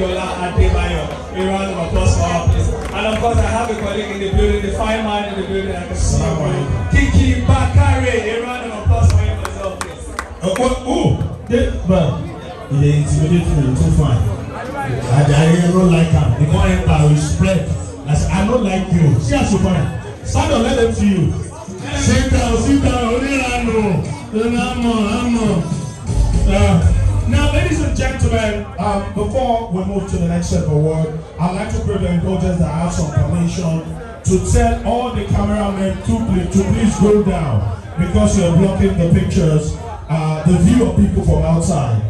Abiola Adebayo. A round of applause for her, please. And of course, I have a colleague in the building, the fine man in the building, I can see you. Kiki Bakare, a round of applause for him as well, please. Uh, what? Oh, they, well, they intimidated me, too fine. I, I, I don't like her. The more I will spread. I said, I don't like you. See how she fine. Stand up, let them see you. Sit down, sit down, only I know. Then I'm on, I'm on. Uh, Now, ladies and gentlemen, um, before we move to the next set of award, I'd like to pray the indulgence that I have some permission to tell all the cameramen to please, to please go down because you're blocking the pictures, uh, the view of people from outside.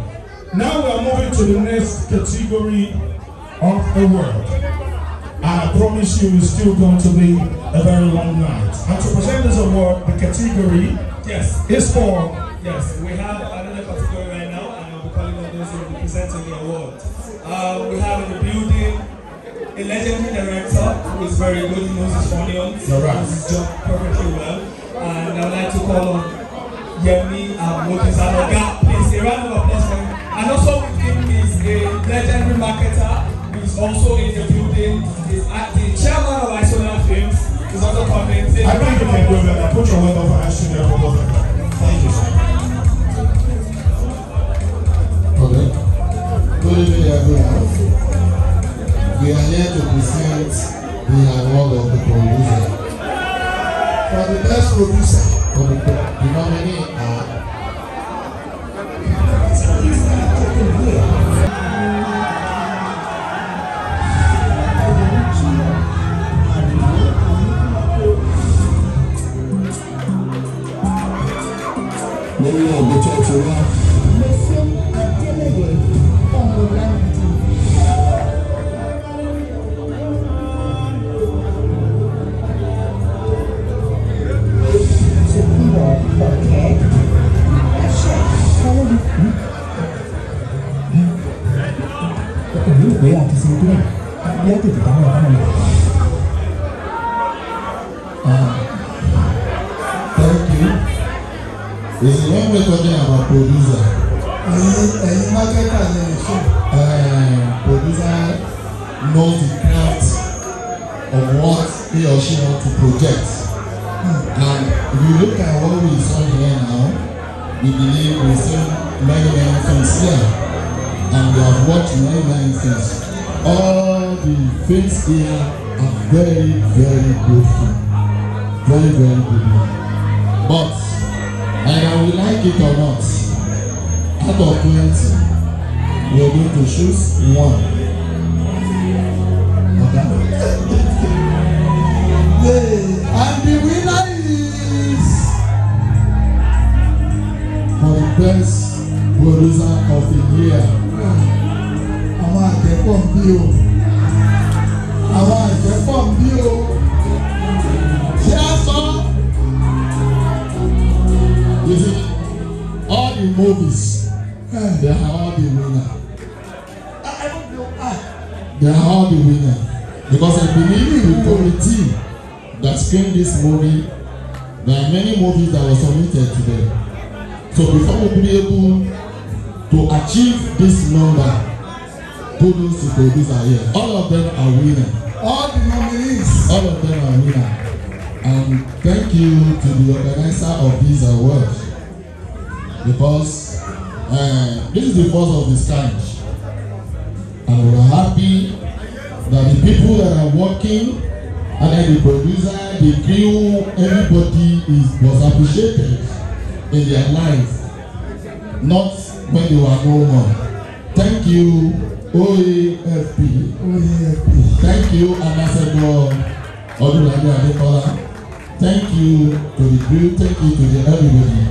Now we are moving to the next category of the award. I promise you it's still going to be a very long night. And to present this award, the category yes. is for... Yes, we have another presenting the award. Uh, we have in the building a legendary director who is very good, he knows his onions, he knows his job perfectly well. And I'd like to call on Yemi Mokis Anoga, please, a round of applause for him. And also with him is a legendary marketer who is also a for the best producer. Olùkọ́ ìmọ̀mí ní àá. ด้วยเยอะติดติดตามเราเข้ามาเลยอ่า thank you is when we talking about producer ẹ̀yin producer knows the craft of what he or she want to project and if you look at what we saw here now we believe we see many many things here and we have watched many many things all the things here are very very grateful very very good but either we like it or not out of twenty we are going to choose one. pọ̀ ń bí o àwọn àjẹ́ pọ̀ ń bí o ṣé a sọ all the movies they are all the winner they are all the winner because I believe in the committee that screened this movie there are many movies that were submitted today so before we be able to achieve this number. Bulu Sister, these are here. All of them are winners. All the nominees. All of them are winners. And thank you to the organizer of this award because uh, this is the first of its kind. And we're happy that the people that are working and then the producer, the crew, everybody is was appreciated in their life, not when they were no more. Thank you, OAFP. Thank you, Ambassador Odunlade Adekola. Thank you to the group. Thank you to the everybody.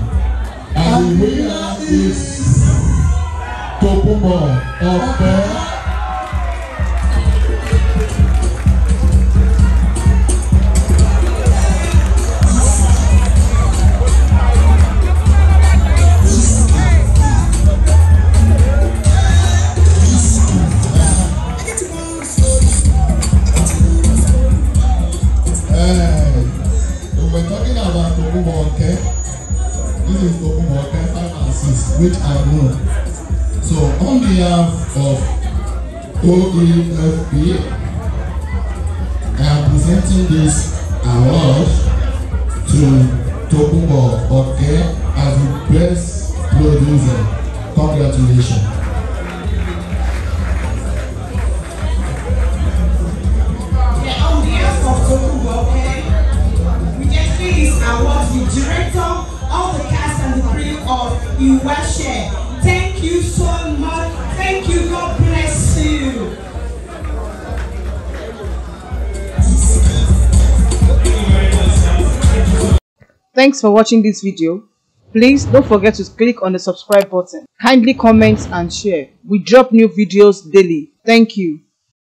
And the winner is Tokumbo Ope. Tokumoke, this is Tokumoke 5 and 6, which I know. So on behalf of OEFP, I am presenting this award to Tokumoke as the best producer. Congratulations. you worship. Thank you so much. Thank you. God bless you. Thanks for watching this video. Please don't forget to click on the subscribe button. Kindly comment and share. We drop new videos daily. Thank you.